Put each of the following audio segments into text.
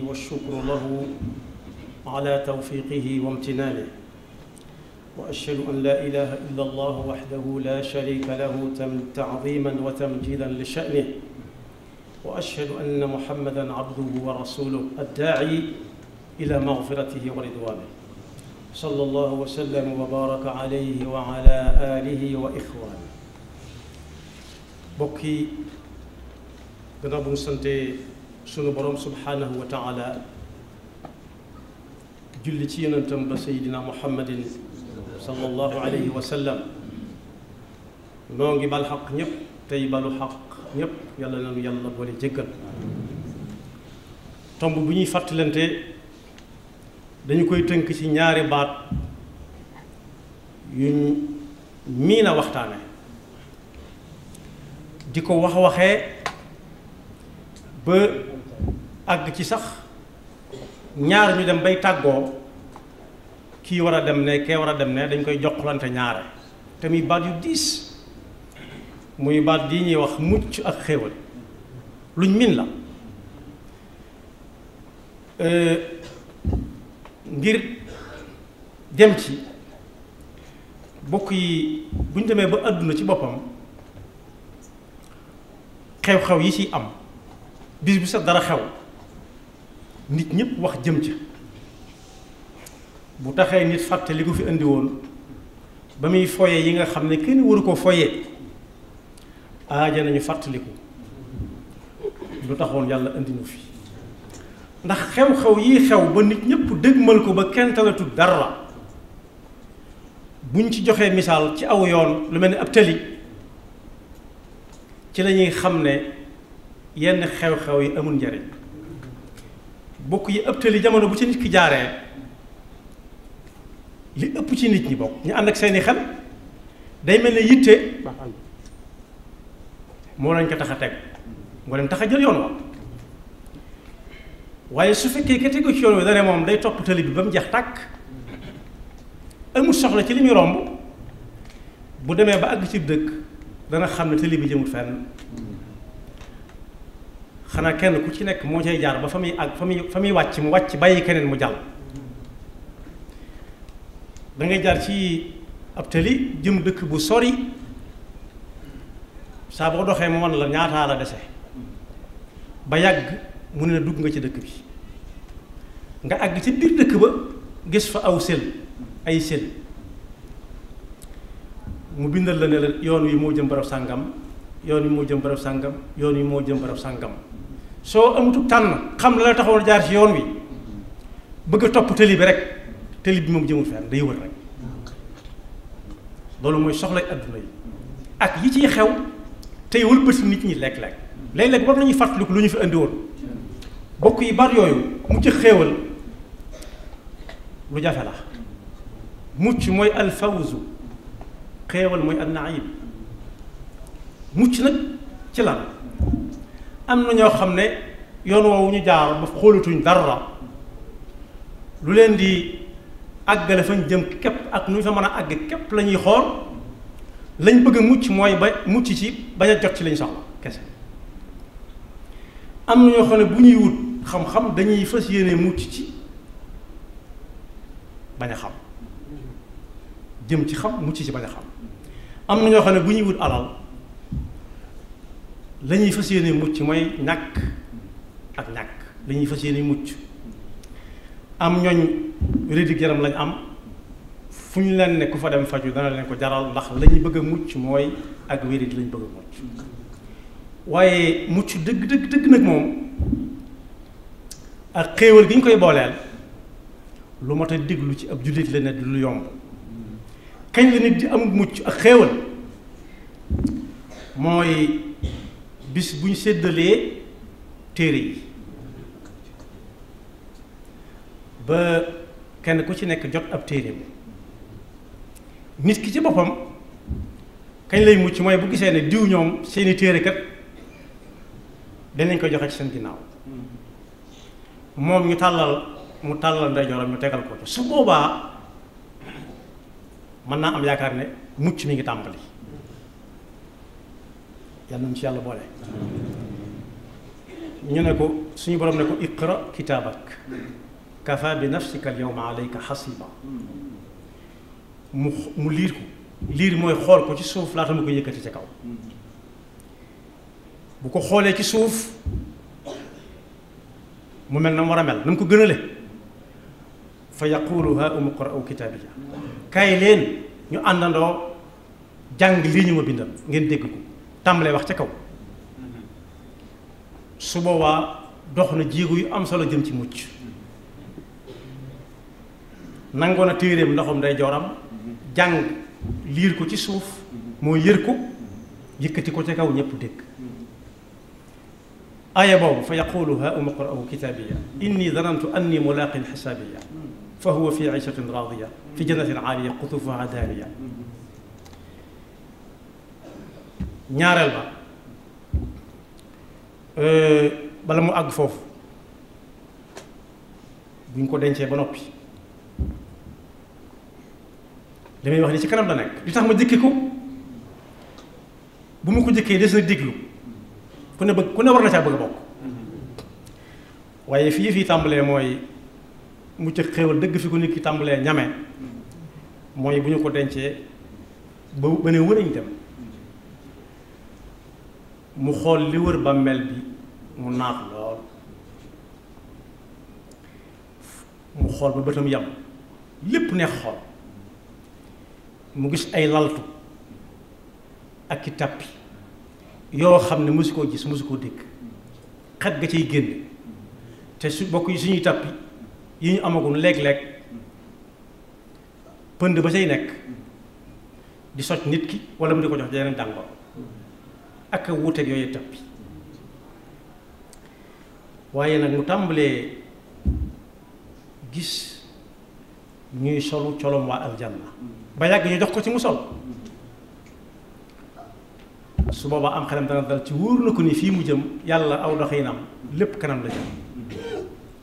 والشكر له على توفيقه وامتنانه وأشهد أن لا إله إلا الله وحده لا شريك له تعظيما وتمجيدا لشأنه وأشهد أن محمدا عبده ورسوله الداعي إلى مغفرته ورضوانه صلى الله وسلم وبارك عليه وعلى آله وإخوانه بكي بنبو سنتي sunu borom subhaanahu wa taala julli ci yonentam ba sayidina muhammadin sallallahu alayhi wa sallam noo ngi bal xaq ñépp tey balu xaq ñépp yàlla nanu yàlla boole jéggal tomb bu ñuy fàttalante dañu koy tënk ci ñaari baat yuñ miin a waxtaane di ko wax waxe ba àgg ci sax ñaar ñu dem bay tàggoo kii war a dem ne kee war a dem ne dañ koy joxlante ñaare te muy baat yu diis muy baat di ñuy wax mucc ak xéewal luñ min la euh, ngir dem ci bokk yi bu ñu demee ba àdduna ci boppam xew-xew yi ci am bis bi sax dara xew nit ñëpp wax jëm ci bu taxee nit fàtte li fi indi woon ba muy foye yi nga xam ne kenn waru ko foye aaja nañu fàttaliku lu taxoon yàlla indi nu fi ndax xew-xew yi xew ba nit ñëpp dëgmal ko ba kenn talatu dara la buñ ci joxee misaal ci aw yoon lu mel ni ab tëli ci lañuy xam ne yenn xew-xew yi amul njariñ bokk yi ëptali jamono bu ci nit ki jaaree li ëpp ci nit ñi bokk ñu ànd ak seeni xel day mel ne yitte moo lañ ko tax a teg moo lañ tax a jël yoon wa waaye su fekkee ka tegu ci yoon wi dane moom day topp tali bi ba mu jeex tàkk amul soxla ci li muy romb bu demee ba àgg ci dëkk dana xam ne tali bi jëmut fenn xanaa kenn ku ci nekk moo cay jaar ba fa muy ak fa muy fa muy wàcc mu wàcc bàyyi keneen mu jàll da jaar ci ab tali jëm dëkk bu sori saa boo doxee mu wan la ñaataa la dese ba yàgg mu ne dugg nga ci dëkk bi nga àgg ci biir dëkk ba gis fa aw sel ay sel mu bindal la ne la yoon wi moo jëm barab sàngam yoon wi moo jëm barab sàngam yoon wi moo jëm barab sàngam soo amutu tànn xam la la taxoon jaar ci yoon wi bëgg a topp tëli bi rek tëli bi moom jëmul fenn day wër rek loolu mooy soxlay adduna yi ak yi ciy xew tey wëlbati nit ñi lekk-lekk léeg-léeg war nañu fàttaliku lu ñu fi andi woon bokk yi bar yooyu mucc xéewal lu jafe la mucc mooy alfawzu xéewal mooy annaim mucc nag ci lan am na ñoo xam ne yoon woowu ñu jaar ba xoolatuñ dara lu leen di àggale fañ jëm képp ak nu ñu fa mën a àgg képp lañuy xool lañ bëgg a mucc mooy ba mucc ci bañ a jot ci lañ soxla kese am na ñoo xam ne bu ñuy wut xam-xam dañuy fas yéene mucc ci bañ a xam jëm ci xam mucc ci bañ a xam am na ñoo xam ne bu ñuy wut alal lañuy ñuy fas yéene mucc mooy ñàkk ak ñàkk la ñuy fas yéene mucc am ñooñ rédig yaram lañ am fu ñu leen ne ku fa dem faju dana leen ko jaral ndax lañuy bëgg a mucc mooy ak wérid lañ bëgg a mucc waaye mucc dëgg dëgg dëgg nag moom ak xéewal gi ñu koy booleel lu mat a déglu ci ab jullit la ne lu yomb kañ la nit di am mucc ak xéewal mooy bis bu ñu séddalee téere yi ba kenn ku ci nekk jot ab téere nit ki ci boppam kañ lay mucc mooy bu gisee ne diw ñoom seeni téere kat danañ ko joxe ci seen ginnaaw moom ñu tàllal mu tàllal ndeyjooram ñu tegal ko su boobaa mën naa am yaakaar ne mucc mi ngi tàmbali yàlla nañ ci yàlla boole ñu ne ko suñu borom ne ko iqra kitaabak kafa bi nafsika al yawma alayka xasiba mu mu liir ko liir mooy xool ko ci suuf laa mu ko yëkkati ca kaw bu ko xoolee ci suuf mu mel na mu war a mel na mu ko gënale fa yaqulu ha umu qra'u kitaabiya kaay leen ñu àndandoo jàng lii ñu ma bindal ngeen dégg ko tàmbalee wax ca kaw su boobaa dox na jéego yu am solo jëm ci mucc nangoon a téeréem ndoxam day jooram jàng liir ko ci suuf moo yër ko yëkkati ko ca kaw ñépp dégg aya boobu fa yaqulu ha uma qra'u kitaabiya inni danantu anni mulaaqin xisaabiya fa huwa fi iishatin raadiya fi jannatin aaliya qutufuha daaniya ñaareel ba euh, bala mu àgg foofu bu ñu ko dencee ba noppi li may wax ni ci kanam la nekk li tax ma jëkkee ko bu ma ko jëkkee des na déglu ku ne bëgg ku ne war na caa bëgg bokk waaye fii fii tàmbalee mooy mu ca xéwal dëgg fi ko nit ki tàmbalee ñame mooy bu ñu ko dencee ba ba ne wënañ dem mu xool li wër bàmmeel bi mu naat lool mu xool ba bëtam yam lépp neex xool mu gis ay laltu ak i tàppi yoo xam ne mosu koo gis mosu koo dégg xet ga cay génn te su bokk yi suñuy tàppi yi ñu amagum léeg-léeg pënd ba say nekk di soj nit ki wala mu di ko jox jeneen tàngoor ak a wuuteeg yooyu étape bi waaye nag mu tàmbalee gis ñuy solu colom waa aljanna ba yàgg ñu jox ko ci mu sol su boobaa am xelam dana dal ci wóor na ko ni fii mu jëm yàlla aw doxinam lépp kanam la jëm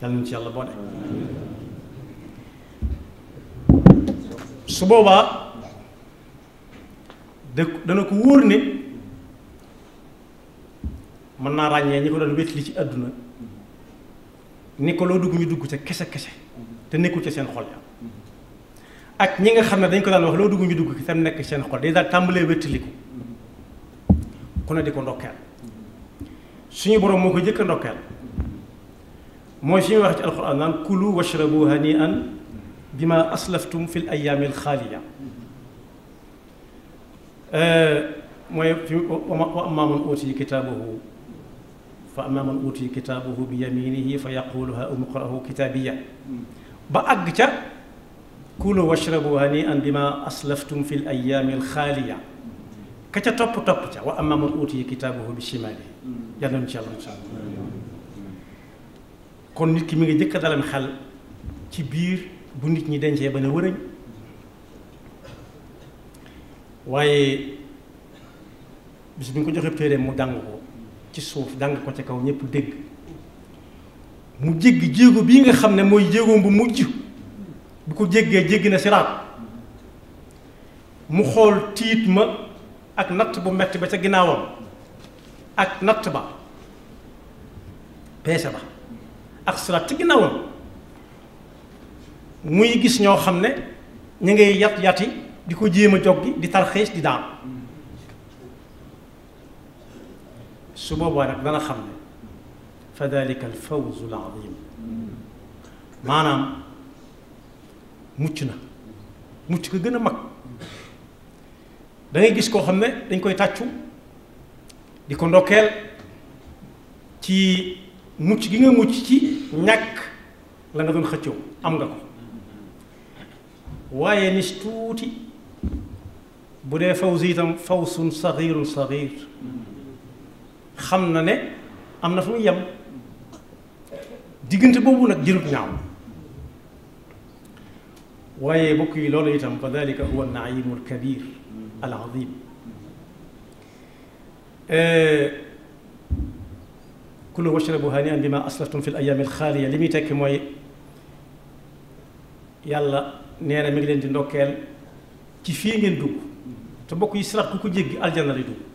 yàlla nañu ci yàlla boole su boobaa da dana ko wóor ne mën naa ràññee ñi ko doon wétli ci àdduna ni ko loo dugg ñu dugg ca kese kese te nekkul ci seen xol ya ak ñi nga xam ne dañ ko daan wax loo dugg ñu dugg tam nekk seen xol day daal tàmbalee wétliku ku ne di ko ndokkeel suñu borom moo ko jëkk a ndokkeel mooy suñu wax ci alxuraan naan kulu washrabu hanian bima aslaftum fi ayaami alxaaliya mooy wa amma man utiya kitaabahu fa amma man uti kitaabahu bi yaminihi fa yaqulu ha umqra'u kitaabiya ba àgg ca kulu washrabu hanian bima aslaftum fi l alxaaliya ka ca topp topp ca wa man uti kitaabahu bi shimaali yal kon nit ki mi ngi jëkk a dalam xel ci biir bu nit ñi dencee ba ne wërëñ waaye bis bi ñu ko joxee téere mu dàng ko ci suuf jàng ko ci kaw ñépp dégg mu jéggi jéego bii nga xam ne mooy jéegoom bu mujj bu ko jéggee jéggi na siraat mu xool tiit ma ak natt bu metti ba ca ginnaawam ak natt ba peese ba ak siraat ci ginnaawam muy gis ñoo xam ne ñu ngay yat yati di ko jéem a jog gi di tarxiis di daam su boobaa nag dana xam ne fa dalika al fawzu al azim maanaam mucc na mucc ko gën a mag dangay gis koo xam ne dañ koy tàccu di ko ndokkeel ci mucc gi nga mucc ci ñàkk la nga doon xëccoo am nga ko waaye nis tuuti bu dee fawzi itam fawsun saxirun saxir xam na ne am na fu muy yem diggante boobu nag jërut ñaaw waaye bokk yi loolu itam fa dalika huwa naimu alkabir al azim eh, kulu washrabu hanian bima aslaftum fi l ayaami alxaaliya li muy tekki mooy yàlla nee na mi ngi leen di ndokkeel ci fii ngeen dugg te bokk yi sirat ku ko jéggi aljanna lay dugg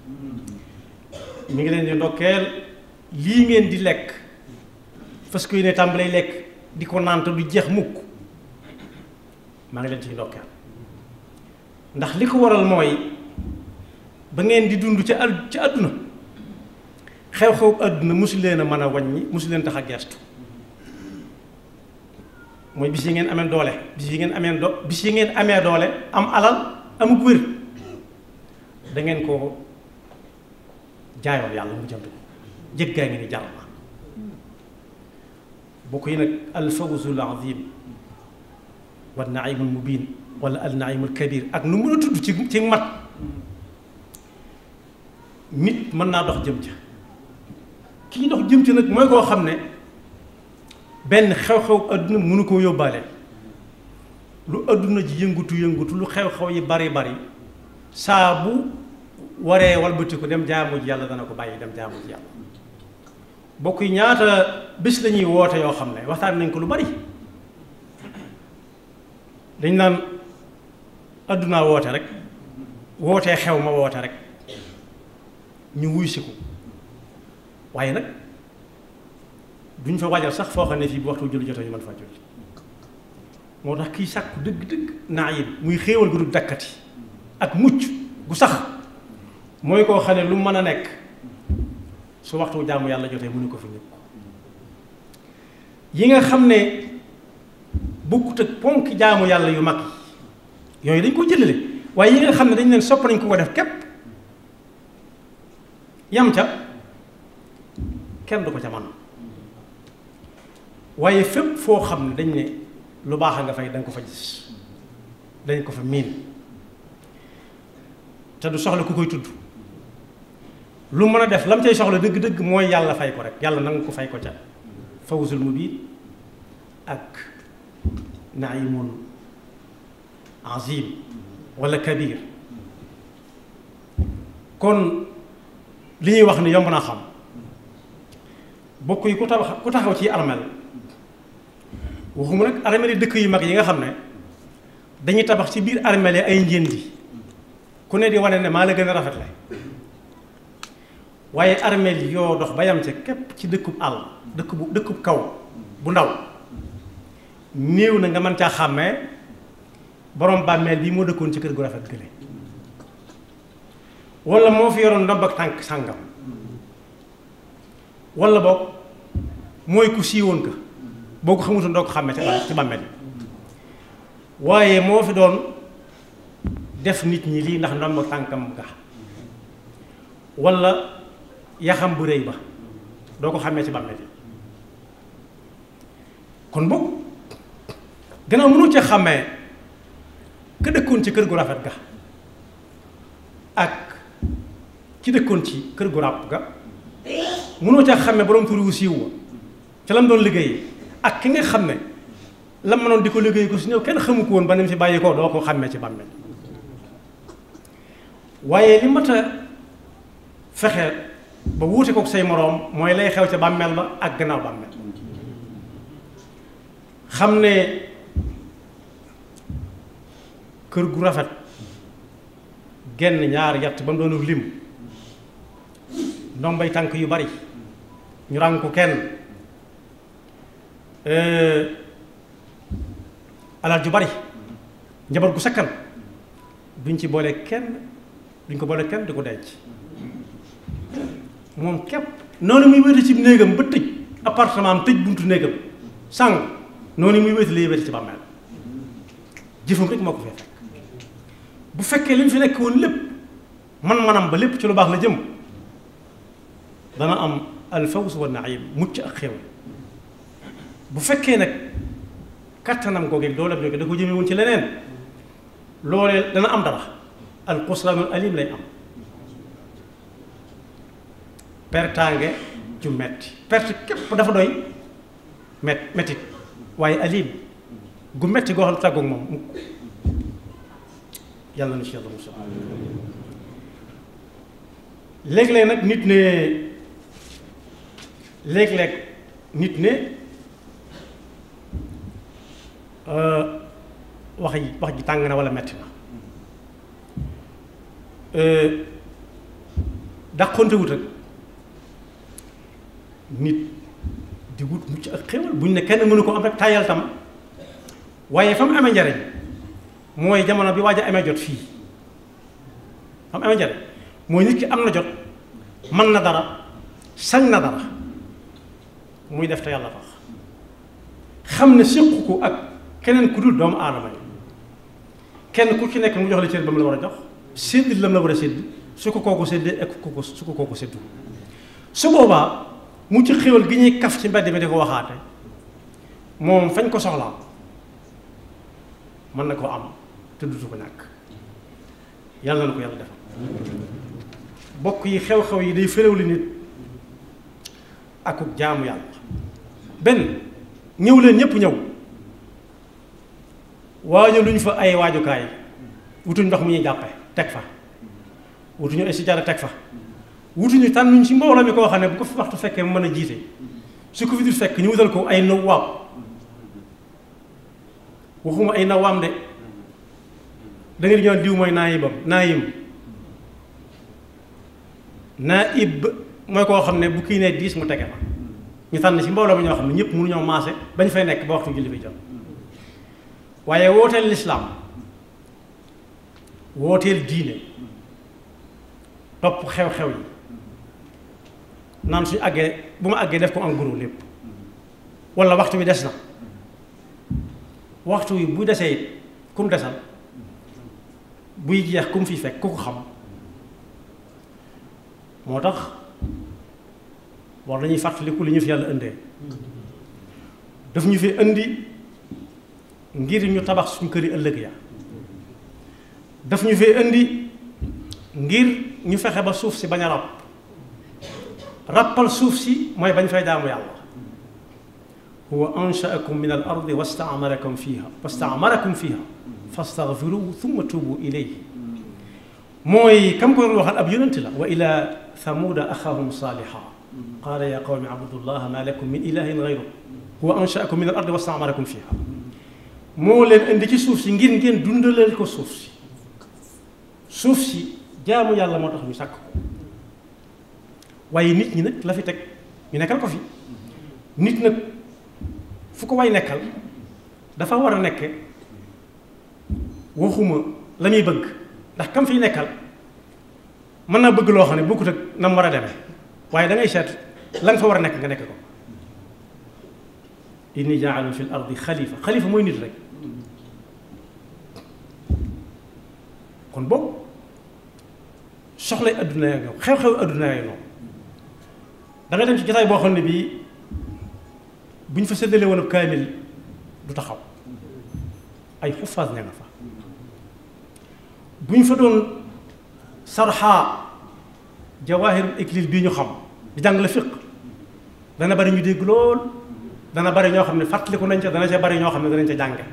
mi ngi leen di ndokkeel lii ngeen di lekk fas ko yéene tàmbalee lekk di ko naan te du jeex mukk maa ngi leen ciy ndokkeel ndax li ko waral mooy ba ngeen di dund ca ad ca àdduna xew-xew adduna mosu leen a man a wàññi mosu tax a gestu mooy bis ngeen amee doole bis ngeen amee do bis ngeen amee doole am alal amuk wér da ko jaayoon yàlla mu jënd ko njëg gaa ngi ni jar na bokk yi nag al fawzul azim wa naimul mubin wala al naimul kabir ak nu mën a tudd ci mat nit mën naa dox jëm ca kii dox jëm ca nag mooy koo xam ne benn xew-xew adduna mënu koo yóbbaale lu adduna ji yëngutu yëngutu lu xew-xew yi bari bari saa waree walbatiku dem jaamu yàlla dana ko bàyyi dem jaamu ji yàlla bokk yi ñaata bis la ñuy woote yoo xam ne waxtaan nañ ko lu bari dañ naan addunaa woote rek wootee xew ma woote rek ñu wuy si ko waaye nag duñ fa waajal sax foo xam ne fii bu waxtu julli jotee ñu mën faa julli moo tax kiy sàkku dëgg-dëgg naa yi muy xéewal gu du dakkati ak mucc gu sax mooy koo xam ne lu mën a nekk su waxtu jaamu yàlla jotee mënu ko fi ñëpp yi nga xam ne bukkut ak ponk jaamu yàlla yu mag yooyu dañ koo jëlale waaye yi nga xam ne dañ leen sopp nañ ko ko def képp yam ca kenn du ko ca man waaye fépp foo xam ne dañ ne lu baax a nga fay dañ ko fa gis dañ ko fa miin te du soxla ku koy tudd lu mën a def lam cay soxla dëgg-dëgg mooy yàlla fay ko rek yàlla nangu ko fay ko ca fawzul mubin ak naimun azim wala kabir kon li ñuy wax ni yomb naa xam bokk yi ku tabax ku taxaw ci armel waxuma nag armel dëkk yu mag yi nga xam ne dañuy tabax ci biir armel yi ay njëndi ku ne di wane ne maa la gën a rafet la waaye armeel yoo dox ba yam ca képp ci dëkkub àll dëkk bu dëkkub kaw bu ndaw néew na nga mën caa xàmme borom bàmmeel bi moo dëkkoon ci kër gu rafet gële wala moo fi yoroon ndobb tànk sàngam wala boog mooy ku siiwoon ka boo ko xamutoon doo ko xàmmee ci bàmmeel waaye moo fi doon def nit ñi lii ndax ndobb ak tànkam ga wala yaxam bu rëy ba doo ko xamee ci bàmmeel yi kon boog gannaaw mënu ci xàmmee ka dëkkoon ci kër gu rafet ga ak ci dëkkoon ci kër gu ràpp ga mënoo ca xàmme borom tur wu siiw wa ca lam doon liggéey ak ki nga xam ne lam mënoon di ko liggéey ko su ñëw kenn xamu ko woon ba ni mu fi bàyyi ko doo ko xàmmee ci bàmmeel waaye li mat a fexe ba wuute kook say moroom mooy lay xew ca bàmmeel ba ak gannaaw bàmmeel xam ne kër gu rafet genn ñaar yatt ba mu doonu lim ndombay tànk yu bari ñu ràng ko kenn alal ju bari njabar gu sakkan duñ ci boole kenn duñ ko boole kenn di ko denc moom képp noonu muy wéete ci néegam ba tëj appartement am tëj buntu néegam sàng noonu muy wéete lay wéete ci bàmmeel jëfam rek moo ko fee fekk bu fekkee li mu fi nekk woon lépp man-manam ba lépp ci lu baax la jëm dana am alfaws wa naim mucc ak xéewal bu fekkee nag kattanam googeeg doolam googeeg da ko jëmee woon ci leneen loole dana am dara alxusraanul alim lay am pertaange ju metti perte képp dafa doy met mettit waaye alim gu metti goo xam ne tàggoog moom mukk yàlla na ci yàlla musa léeg nag nit ne nit ne euh, wax yi wax ji tàng na wala metti na euh, dàqonte nit di wut mucc ak xéwal buñ ne kenn mënu ko am rek tayal tam waaye fa ame amee njariñ mooy jamono bi waaj amee jot fii fa mu njariñ mooy nit ki am na jot man na dara sañ na dara muy def te yàlla tax xam ne séqu ko ak keneen ku dul doomu aadama yi kenn ku ci nekk mu jox la cër ba mu la war a jox la lam la war a sédd su ko kooku séddee ak ku ko su ko kooku séddu su boobaa mu ci xéwal gi ñuy kaf ci mbedd mi di ko waxaate moom fañ ko soxlaa mën na koo am te dutu ko ñàkk yàlla na ko yàlla defal bokk yi xew-xew yi day li nit akuk jaamu yàlla benn ñëw leen ñëpp ñëw waaño luñ fa ay waajukaay wutuñ ndox mu ñuy jàppe teg fa wutuñu ay sijaada teg fa wuti wutuñu tànnuñ ci mbooloo mi koo xam ne bu ko fi waxtu fekkee mën a jiite su ko fi du fekk ñu wutal ko ay nawaam waxuma ay nawaam de da ngeen ñëw diw mooy naayibam naayim naayib mooy koo xam ne bu kii nee diis mu tege ma ñu tànn ci mbooloo mi ñoo xam ne ñëpp ñoo maase bañ fay nekk ba waxtu julli bi jot waaye wooteel lislaam wooteel diine topp xew-xew yi naan suñu àggee bu ma àggee def ko am gros lépp wala waxtu wi des na waxtu wi bu desee it ku desal buy jeex ku fi fekk ku ko xam moo tax war nañuy fàttaliku li ñu fi yàlla indee daf ñu fi indi ngir ñu tabax suñ kër ëllëg ya daf ñu fi indi ngir ñu fexe ba suuf si bañ a ràpp rappal suuf si mooy bañ fay daamu yàlla huwa anshaakum min al ardi wastaamarakum fiha wastaamarakum fiha fastaghfiruhu thumma tuubu ilayhi mooy kam ko doon waxal ab yonent la wa ila thamuda axahum saaliha qaala ya qawmi abudullaha ma lakum min ilahin gayru huwa anshaakum min al ardi wastaamarakum fiha moo leen indi ci suuf si ngir ngeen dundaleel ko suuf si suuf si jaamu yàlla moo tax ñu sàkk ko waaye nit ñi nag la fi teg ñu nekkal ko fi nit nag fu ko way nekkal dafa war a nekk waxuma la muy bëgg ndax kam fiy nekkal mën naa bëgg loo xam ne bokkut ak na war a demee waaye dangay ngay seet la nga fa war a nekk nga nekk ko inni jaalun fi l xalifa xalifa mooy nit rek kon boobu soxlay adduna yaa ngi xew-xew adduna yaa ngi da ngay dem ci jotaay boo xam ne bii bu ñu fa séddalee woon ab kaamil du taxaw ay xuffaas ña nga fa bu ñu fa doon sarxaa jawaahirul iklil bii ñu xam di jàng la fiq dana bari ñu dégg lool dana bari ñoo xam ne fàttaliku nañ ca dana ca bari ñoo xam ne danañ ca jànge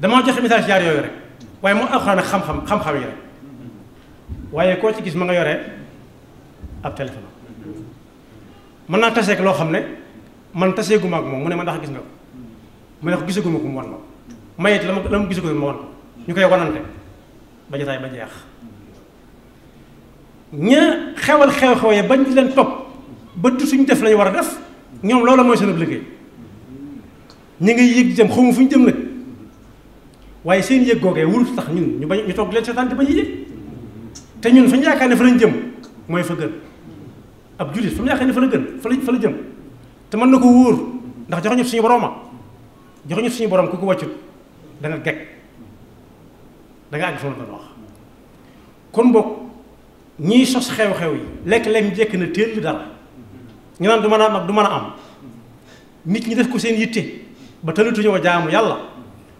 dama joxe message jaar yooyu rek waaye mu alxuraan ak xam-xam xam-xam yi rek waaye koo ci gis ma nga yore ab téléphone mën naa taseek loo xam ne man taseeguma ak moom mu ne ma ndax gis nga ko mu ne ko gisaguma ko mu wan ma mayet la ma la ma gisaguma ma wan ko ñu koy wanante ba jotaay ba jeex ña xewal xew-xew ya bañ di leen topp ba du suñ def lañu war a def ñoom loolu mooy seen liggéey ñu ngi yëg jëm xamu fu ñu jëm nag waaye seen yëg googee wurut tax ñun ñu bañ ñu toog leen seetaan te ba a yëg te ñun fa ñu yaakaar ne fa lañ jëm mooy fa gën ab jullit fa mu yaakaar ne fa la gën fa la fa jëm te mën na ko wóor ndax joxuñu suñu borom ma joxuñu suñu borom ku ko wàccut da nga geg da nga àgg fa doon wax kon boog ñiy sos xew-xew yi lekk-lekk ñu jekk na teel bi naan du mën a am mën a am nit ñi def ko seen yitte ba tëlatuñoo jaamu yàlla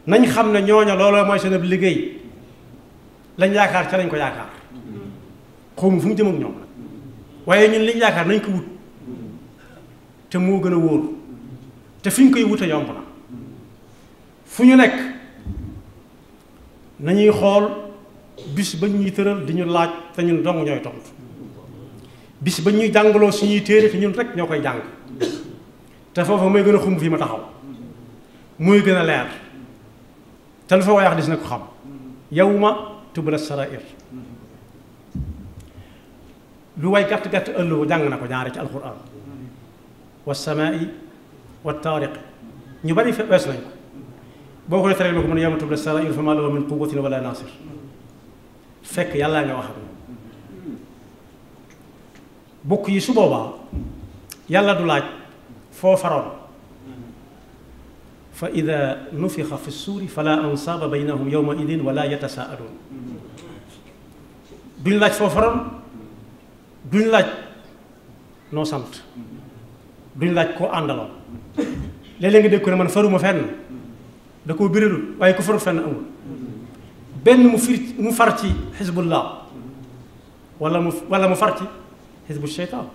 nañ xam ne ñooña looloo mooy seen liggéey lañ yaakaar ca lañ ko yaakaar xaw ma fu mu jëm ñoom waaye ñun liñ yaakaar nañ ko wut te moo gën a wóor te fi ñu koy wute yomb na fu ñu nekk nañuy xool bis ba ñuy tëral di ñu laaj te ñun dong ñooy tontu bis ba ñuy jàngaloo suñuy téere te ñun rek ñoo koy jàng te foofa mooy gën a xumb fi ma taxaw muy gën a leer te lu fa wayax dis na ko xam yawma tubla sarair lu way gàtt gàtt ëllëgu jàng na ko ñaare ci alquran wa wa taariq ñu bari fe wees nañ ko boo koy teree ba ko mën yawma tubla saraa'iru famaa lahu min quwwatin wala naasir fekk yàlla nga wax ak bokk yi su boobaa yàlla du laaj foo faroon fa ida nufixa fi suuri fala ansaaba baynahum yawma idin wala yatasaaluun duñ duñ laaj noo sant duñ laaj koo àndaloon léeg-léeg nga dégg ko ne man faruma fenn da koo biralul waaye ku faru fenn amul benn mu firi mu far ci xisbullah wala mu wala mu far ci xisbu sheytaan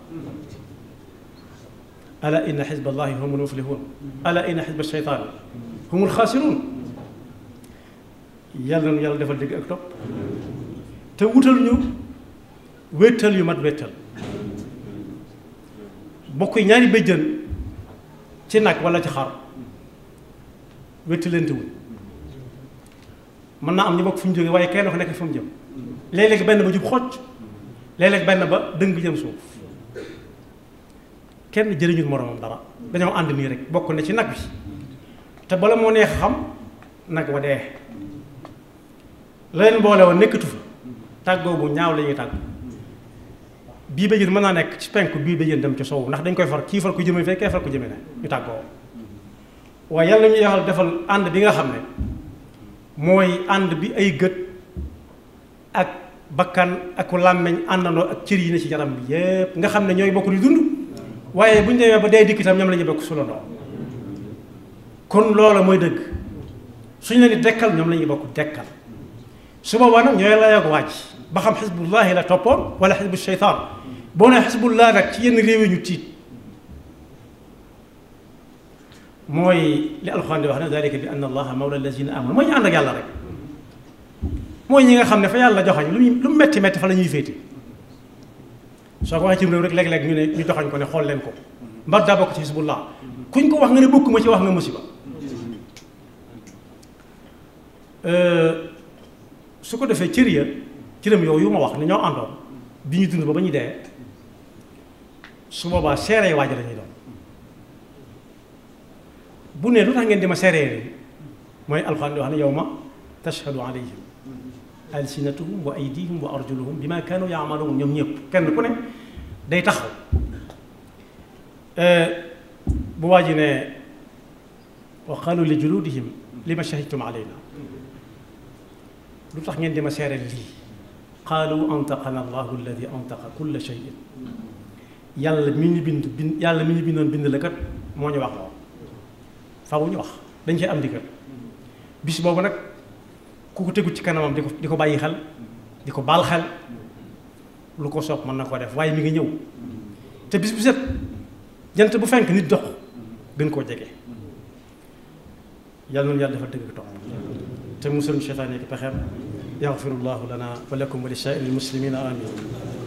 ala inna xisba allahi humul muflihun ala inna xisba sheytaani humul xaasiruun yàlla na yàlla defal dégg ak topp te wutal ñu wéttal yu mat wéttal bokk yi ñaari béjjën ci nag wala ci xar wéttalante wuñ mën naa am ñu bokk fu ñu jógee waaye kenn ku nekk fu mu jëm léeg benn ba jub xocc léeg benn ba dëng jëm suuf kenn jëriñul moromam dara dañoo ànd nii rek bokk na ci nag bi te bala moo neex xam nag wa dee la leen boole woon nekkatu fa tàggoo bu ñaaw la ñuy tàggu bii ba jën mën naa nekk ci penk bii ba jën dem ci sow ndax dañ koy far kii far ko jëme fee kee far ko jëme ne ñu tàggoo waaye yàlla ñu yaxal defal ànd bi nga xam ne mooy ànd bi ay gët ak bakkan ak làmmeñ àndandoo ak cër yi ne ci yaram bi yépp nga xam ne ñooy bokk di dund waaye bu ñu demee ba day dikk itam ñoom la ñuy bokk sulandoo kon loola mooy dëgg suñu leen di dekkal ñoom lañuy bokk dekkal su boobaa nag ñooy layoog wàcc ba xam xisbullahi la toppoon wala xisbu sheytaan boo nee xisbullah nag ci yenn réew yi ñu tiit mooy li alxuraan di wax ne dalika bi anna allaha mawla allazina amanu mooy ñu ànd ak yàlla rek mooy ñi nga xam ne fa yàlla joxañ lu mu metti metti fa la ñuy féete soo ko waxee ci réew rek léeg-léeg ñu ne ñu joxañ ko ne xool leen ko mbar daa bokk ci xisbullah kuñ ko wax nga ne ma ci wax nga musiba euh, su ko defee cër ya yow yu ma wax ne ñoo àndoon bi ñu dund ba ba ñu dee su boobaa seere yi waajal lañuy doon bu ne lu tax ngeen di ma seeree mooy alxuraan di wax ne yawma tashhadu alayhim alsinatuhum wa aydihim wa arjuluhum bima kaanu yaamaluun ñoom ñëpp kenn ku ne day taxaw euh, bu waa ji ne wa qaalu li juluudihim li ma shahidtum alayna lu tax ngeen di ma seeree lii qaalu antaqana allahu alladi antaqa kulla shayin yàlla mi ñu bind bind yàlla mi ñu bindoon bind la kat moo ñu wax loo faaw ñu wax dañ cee am ndigal bis boobu nag ku ko tegu ci kanamam di ko di ko bàyyi xel di ko baal xel lu ko soob mën na koo def waaye mi ngi ñëw te bis bu jant bu fenk nit dox gën koo jege yàlla noonu yàlla dafa dëgg topp te musul ñu seytaane ak pexeem yaxfirullahu lana wa lakum wa li saa'iril muslimina amin